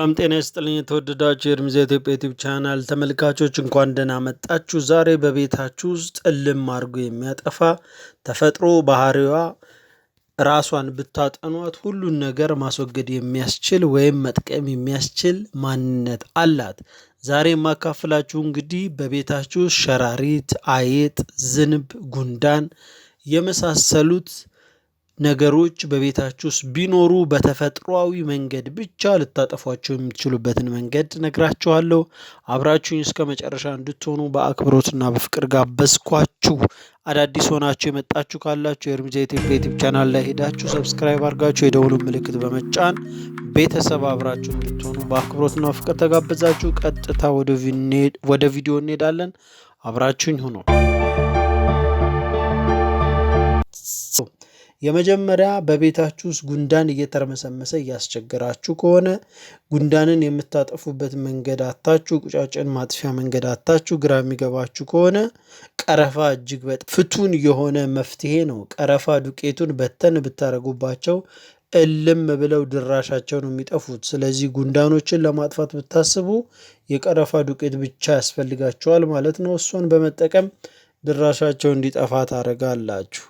ሰላም ጤና ይስጥልኝ። የተወደዳችሁ የእድሜ ኢትዮጵያ ዩቲዩብ ቻናል ተመልካቾች እንኳን ደህና መጣችሁ። ዛሬ በቤታችሁ ውስጥ እልም አድርጎ የሚያጠፋ ተፈጥሮ ባህሪዋ ራሷን ብታጠኗት ሁሉን ነገር ማስወገድ የሚያስችል ወይም መጥቀም የሚያስችል ማንነት አላት። ዛሬ የማካፍላችሁ እንግዲህ በቤታችሁ ውስጥ ሸራሪት፣ አይጥ፣ ዝንብ፣ ጉንዳን የመሳሰሉት ነገሮች በቤታችሁ ውስጥ ቢኖሩ በተፈጥሯዊ መንገድ ብቻ ልታጠፏቸው የምትችሉበትን መንገድ ነግራችኋለሁ። አብራችሁኝ እስከ መጨረሻ እንድትሆኑ በአክብሮትና በፍቅር ጋበዝኳችሁ። አዳዲስ ሆናችሁ የመጣችሁ ካላችሁ የእርምጃ ኢትዮጵያ ዩቲብ ቻናል ላይ ሄዳችሁ ሰብስክራይብ አድርጋችሁ የደውሉ ምልክት በመጫን ቤተሰብ አብራችሁ እንድትሆኑ በአክብሮትና በፍቅር ተጋበዛችሁ። ቀጥታ ወደ ቪዲዮ እንሄዳለን። አብራችሁኝ ሁኑ። የመጀመሪያ በቤታችሁ ውስጥ ጉንዳን እየተርመሰመሰ እያስቸገራችሁ ከሆነ ጉንዳንን የምታጠፉበት መንገድ አታችሁ፣ ቁጫጭን ማጥፊያ መንገድ አታችሁ፣ ግራ የሚገባችሁ ከሆነ ቀረፋ እጅግ በጣም ፍቱን የሆነ መፍትሄ ነው። ቀረፋ ዱቄቱን በተን ብታደርጉባቸው እልም ብለው ድራሻቸው ነው የሚጠፉት። ስለዚህ ጉንዳኖችን ለማጥፋት ብታስቡ የቀረፋ ዱቄት ብቻ ያስፈልጋቸዋል ማለት ነው። እሷን በመጠቀም ድራሻቸው እንዲጠፋ ታደርጋላችሁ።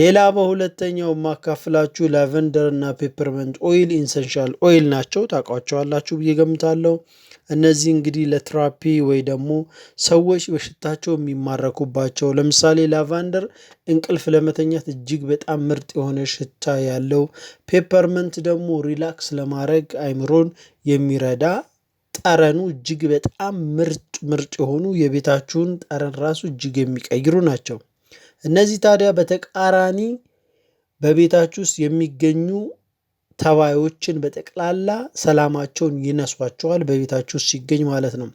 ሌላ በሁለተኛው የማካፍላችሁ ላቨንደር እና ፔፐርመንት ኦይል ኢንሰንሻል ኦይል ናቸው። ታውቋቸዋላችሁ ብዬ ገምታለሁ። እነዚህ እንግዲህ ለትራፒ ወይ ደግሞ ሰዎች በሽታቸው የሚማረኩባቸው ለምሳሌ ላቫንደር እንቅልፍ ለመተኛት እጅግ በጣም ምርጥ የሆነ ሽታ ያለው፣ ፔፐርመንት ደግሞ ሪላክስ ለማድረግ አይምሮን የሚረዳ ጠረኑ እጅግ በጣም ምርጥ ምርጥ የሆኑ የቤታችሁን ጠረን ራሱ እጅግ የሚቀይሩ ናቸው። እነዚህ ታዲያ በተቃራኒ በቤታችሁ ውስጥ የሚገኙ ተባዮችን በጠቅላላ ሰላማቸውን ይነሷቸዋል፣ በቤታችሁ ውስጥ ሲገኝ ማለት ነው።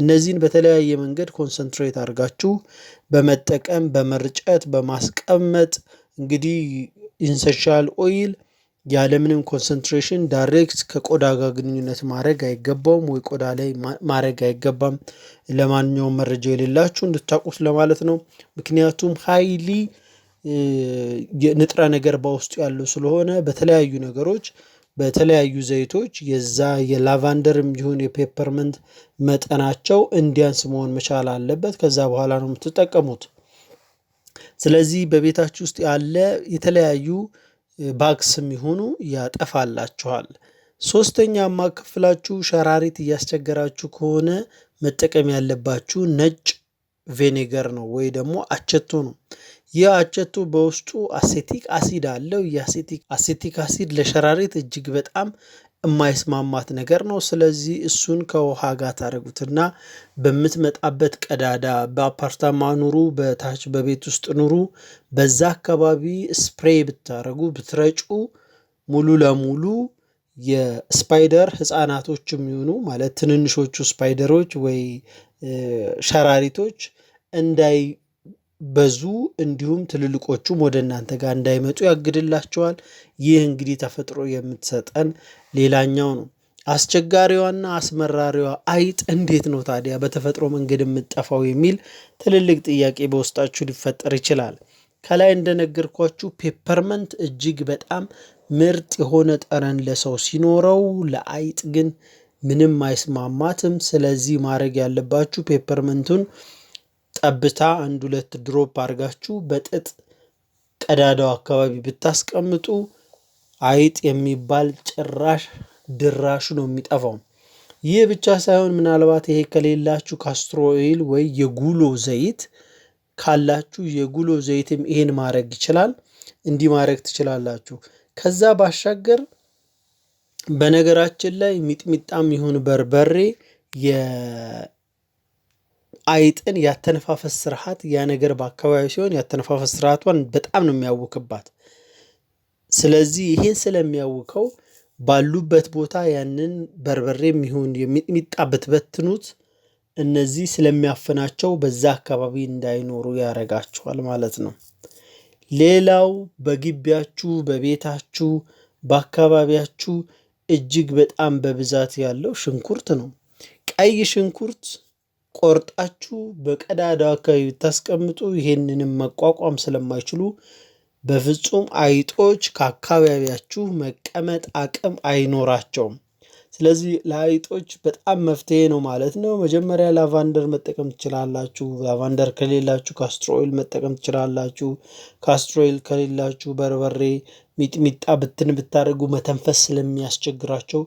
እነዚህን በተለያየ መንገድ ኮንሰንትሬት አድርጋችሁ በመጠቀም በመርጨት በማስቀመጥ እንግዲህ ኢሰንሻል ኦይል ያለምንም ኮንሰንትሬሽን ዳይሬክት ከቆዳ ጋር ግንኙነት ማድረግ አይገባውም ወይ ቆዳ ላይ ማድረግ አይገባም። ለማንኛውም መረጃ የሌላችሁ እንድታውቁት ለማለት ነው። ምክንያቱም ሀይሊ ንጥረ ነገር በውስጡ ያለው ስለሆነ በተለያዩ ነገሮች በተለያዩ ዘይቶች የዛ የላቫንደርም ይሁን የፔፐርመንት መጠናቸው እንዲያንስ መሆን መቻል አለበት። ከዛ በኋላ ነው የምትጠቀሙት። ስለዚህ በቤታችሁ ውስጥ ያለ የተለያዩ ባክስም ይሁኑ ያጠፋላችኋል። ሶስተኛ ክፍላችሁ ሸራሪት እያስቸገራችሁ ከሆነ መጠቀም ያለባችሁ ነጭ ቬኔገር ነው ወይ ደግሞ አቸቶ ነው። ይህ አቸቶ በውስጡ አሴቲክ አሲድ አለው። የአሴቲክ አሲድ ለሸራሪት እጅግ በጣም የማይስማማት ነገር ነው። ስለዚህ እሱን ከውሃ ጋር ታደረጉትና በምትመጣበት ቀዳዳ በአፓርታማ ኑሩ፣ በታች በቤት ውስጥ ኑሩ፣ በዛ አካባቢ ስፕሬይ ብታደረጉ ብትረጩ ሙሉ ለሙሉ የስፓይደር ህፃናቶች የሚሆኑ ማለት ትንንሾቹ ስፓይደሮች ወይ ሸራሪቶች እንዳይ በዙ እንዲሁም ትልልቆቹም ወደ እናንተ ጋር እንዳይመጡ ያግድላቸዋል። ይህ እንግዲህ ተፈጥሮ የምትሰጠን ሌላኛው ነው። አስቸጋሪዋና አስመራሪዋ አይጥ እንዴት ነው ታዲያ በተፈጥሮ መንገድ የምትጠፋው የሚል ትልልቅ ጥያቄ በውስጣችሁ ሊፈጠር ይችላል። ከላይ እንደነገርኳችሁ ፔፐርመንት እጅግ በጣም ምርጥ የሆነ ጠረን ለሰው ሲኖረው ለአይጥ ግን ምንም አይስማማትም። ስለዚህ ማድረግ ያለባችሁ ፔፐርመንቱን ጠብታ አንድ ሁለት ድሮፕ አድርጋችሁ በጥጥ ቀዳዳው አካባቢ ብታስቀምጡ አይጥ የሚባል ጭራሽ ድራሹ ነው የሚጠፋው። ይህ ብቻ ሳይሆን ምናልባት ይሄ ከሌላችሁ ካስትሮ ኦይል ወይ የጉሎ ዘይት ካላችሁ የጉሎ ዘይትም ይሄን ማድረግ ይችላል። እንዲህ ማድረግ ትችላላችሁ። ከዛ ባሻገር በነገራችን ላይ ሚጥሚጣም ይሁን በርበሬ አይጥን ያተነፋፈስ ስርዓት ያ ነገር በአካባቢ ሲሆን ያተነፋፈስ ስርዓቷን በጣም ነው የሚያውክባት። ስለዚህ ይሄን ስለሚያውከው ባሉበት ቦታ ያንን በርበሬ የሚሆን የሚጥሚጣ ብትበትኑት እነዚህ ስለሚያፍናቸው በዛ አካባቢ እንዳይኖሩ ያደርጋቸዋል ማለት ነው። ሌላው በግቢያችሁ፣ በቤታችሁ፣ በአካባቢያችሁ እጅግ በጣም በብዛት ያለው ሽንኩርት ነው። ቀይ ሽንኩርት ቆርጣችሁ በቀዳዳው አካባቢ ብታስቀምጡ ይህንንም መቋቋም ስለማይችሉ በፍጹም አይጦች ከአካባቢያችሁ መቀመጥ አቅም አይኖራቸውም። ስለዚህ ለአይጦች በጣም መፍትሄ ነው ማለት ነው። መጀመሪያ ላቫንደር መጠቀም ትችላላችሁ። ላቫንደር ከሌላችሁ ካስትሮይል መጠቀም ትችላላችሁ። ካስትሮይል ከሌላችሁ በርበሬ፣ ሚጥሚጣ ብትን ብታደርጉ መተንፈስ ስለሚያስቸግራቸው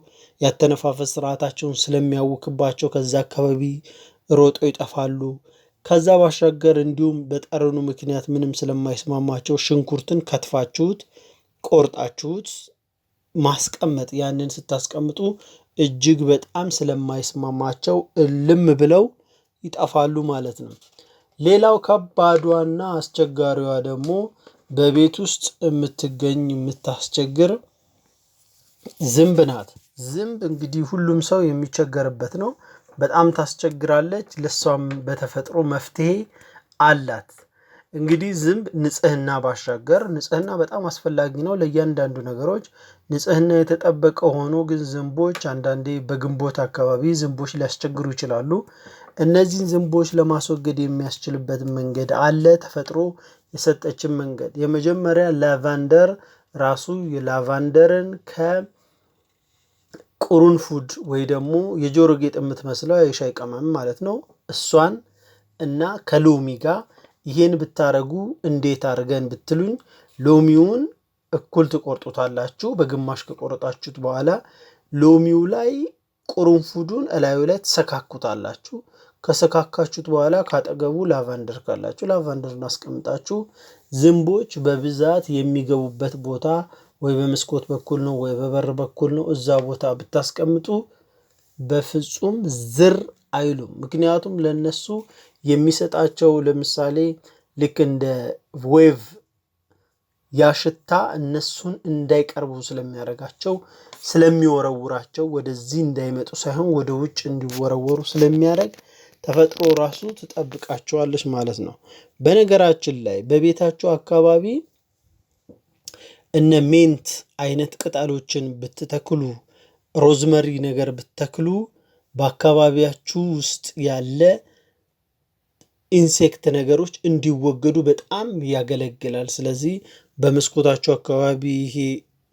ያተነፋፈስ ስርዓታቸውን ስለሚያውክባቸው ከዚ አካባቢ ሮጠው ይጠፋሉ። ከዛ ባሻገር እንዲሁም በጠረኑ ምክንያት ምንም ስለማይስማማቸው ሽንኩርትን ከትፋችሁት ቆርጣችሁት ማስቀመጥ ያንን ስታስቀምጡ እጅግ በጣም ስለማይስማማቸው እልም ብለው ይጠፋሉ ማለት ነው። ሌላው ከባዷና አስቸጋሪዋ ደግሞ በቤት ውስጥ የምትገኝ የምታስቸግር ዝንብ ናት። ዝንብ እንግዲህ ሁሉም ሰው የሚቸገርበት ነው። በጣም ታስቸግራለች። ለሷም በተፈጥሮ መፍትሄ አላት። እንግዲህ ዝንብ ንጽህና ባሻገር ንጽህና በጣም አስፈላጊ ነው ለእያንዳንዱ ነገሮች። ንጽህና የተጠበቀ ሆኖ ግን ዝንቦች አንዳንዴ በግንቦት አካባቢ ዝንቦች ሊያስቸግሩ ይችላሉ። እነዚህን ዝንቦች ለማስወገድ የሚያስችልበት መንገድ አለ። ተፈጥሮ የሰጠችን መንገድ የመጀመሪያ ላቫንደር ራሱ የላቫንደርን ከ ቁሩንፉድ ወይ ደግሞ የጆሮ ጌጥ የምትመስለው የሻይ ቅመም ማለት ነው። እሷን እና ከሎሚ ጋር ይሄን ብታረጉ እንዴት አድርገን ብትሉኝ ሎሚውን እኩል ትቆርጡታላችሁ። በግማሽ ከቆረጣችሁት በኋላ ሎሚው ላይ ቁሩንፉዱን እላዩ ላይ ትሰካኩታላችሁ። ከሰካካችሁት በኋላ ካጠገቡ ላቫንደር ካላችሁ ላቫንደር እናስቀምጣችሁ ዝንቦች በብዛት የሚገቡበት ቦታ ወይ በመስኮት በኩል ነው ወይ በበር በኩል ነው እዛ ቦታ ብታስቀምጡ በፍጹም ዝር አይሉም። ምክንያቱም ለነሱ የሚሰጣቸው ለምሳሌ ልክ እንደ ዌቭ ያሽታ እነሱን እንዳይቀርቡ ስለሚያደርጋቸው ስለሚወረውራቸው ወደዚህ እንዳይመጡ ሳይሆን ወደ ውጭ እንዲወረወሩ ስለሚያደርግ ተፈጥሮ ራሱ ትጠብቃቸዋለች ማለት ነው። በነገራችን ላይ በቤታቸው አካባቢ እነ ሜንት አይነት ቅጠሎችን ብትተክሉ ሮዝመሪ ነገር ብትተክሉ በአካባቢያችሁ ውስጥ ያለ ኢንሴክት ነገሮች እንዲወገዱ በጣም ያገለግላል። ስለዚህ በመስኮታችሁ አካባቢ ይሄ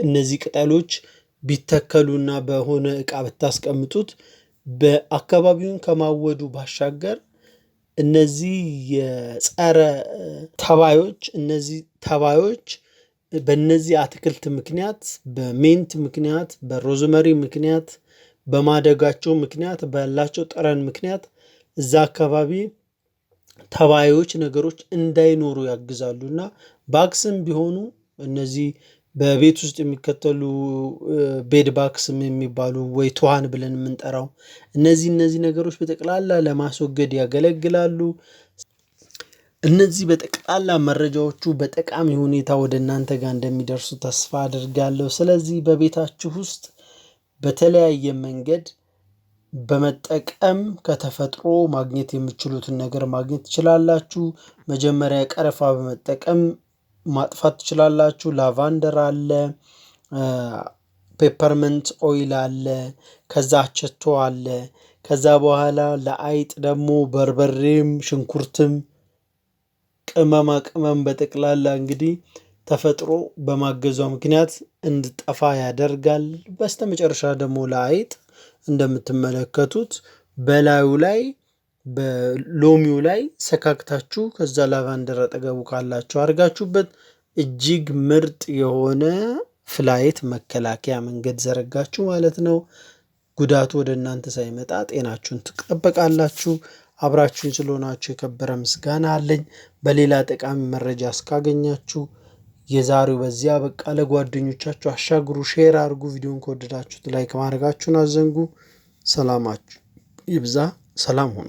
እነዚህ ቅጠሎች ቢተከሉና በሆነ እቃ ብታስቀምጡት በአካባቢውን ከማወዱ ባሻገር እነዚህ የጸረ ተባዮች እነዚህ ተባዮች በእነዚህ አትክልት ምክንያት በሜንት ምክንያት በሮዝመሪ ምክንያት በማደጋቸው ምክንያት ባላቸው ጠረን ምክንያት እዛ አካባቢ ተባዮች ነገሮች እንዳይኖሩ ያግዛሉ እና ባክስም ቢሆኑ እነዚህ በቤት ውስጥ የሚከተሉ ቤድ ባክስም የሚባሉ ወይ ትኋን ብለን የምንጠራው እነዚህ እነዚህ ነገሮች በጠቅላላ ለማስወገድ ያገለግላሉ። እነዚህ በጠቅላላ መረጃዎቹ በጠቃሚ ሁኔታ ወደ እናንተ ጋር እንደሚደርሱ ተስፋ አድርጋለሁ። ስለዚህ በቤታችሁ ውስጥ በተለያየ መንገድ በመጠቀም ከተፈጥሮ ማግኘት የምችሉትን ነገር ማግኘት ትችላላችሁ። መጀመሪያ ቀረፋ በመጠቀም ማጥፋት ትችላላችሁ። ላቫንደር አለ፣ ፔፐርመንት ኦይል አለ፣ ከዛ አቸቶ አለ። ከዛ በኋላ ለአይጥ ደግሞ በርበሬም ሽንኩርትም ቅመማ ቅመም በጠቅላላ እንግዲህ ተፈጥሮ በማገዟ ምክንያት እንድጠፋ ያደርጋል። በስተመጨረሻ ደግሞ ለአይጥ እንደምትመለከቱት በላዩ ላይ በሎሚው ላይ ሰካክታችሁ ከዛ ላቫንደር አጠገቡ ካላችሁ አድርጋችሁበት እጅግ ምርጥ የሆነ ፍላይት መከላከያ መንገድ ዘረጋችሁ ማለት ነው። ጉዳቱ ወደ እናንተ ሳይመጣ ጤናችሁን ትጠበቃላችሁ። አብራችሁን ስለሆናችሁ የከበረ ምስጋና አለኝ። በሌላ ጠቃሚ መረጃ እስካገኛችሁ የዛሬው በዚያ በቃ። ለጓደኞቻችሁ አሻግሩ፣ ሼር አድርጉ። ቪዲዮን ከወደዳችሁት ላይክ ማድረጋችሁን አዘንጉ። ሰላማችሁ ይብዛ። ሰላም ሁኑ።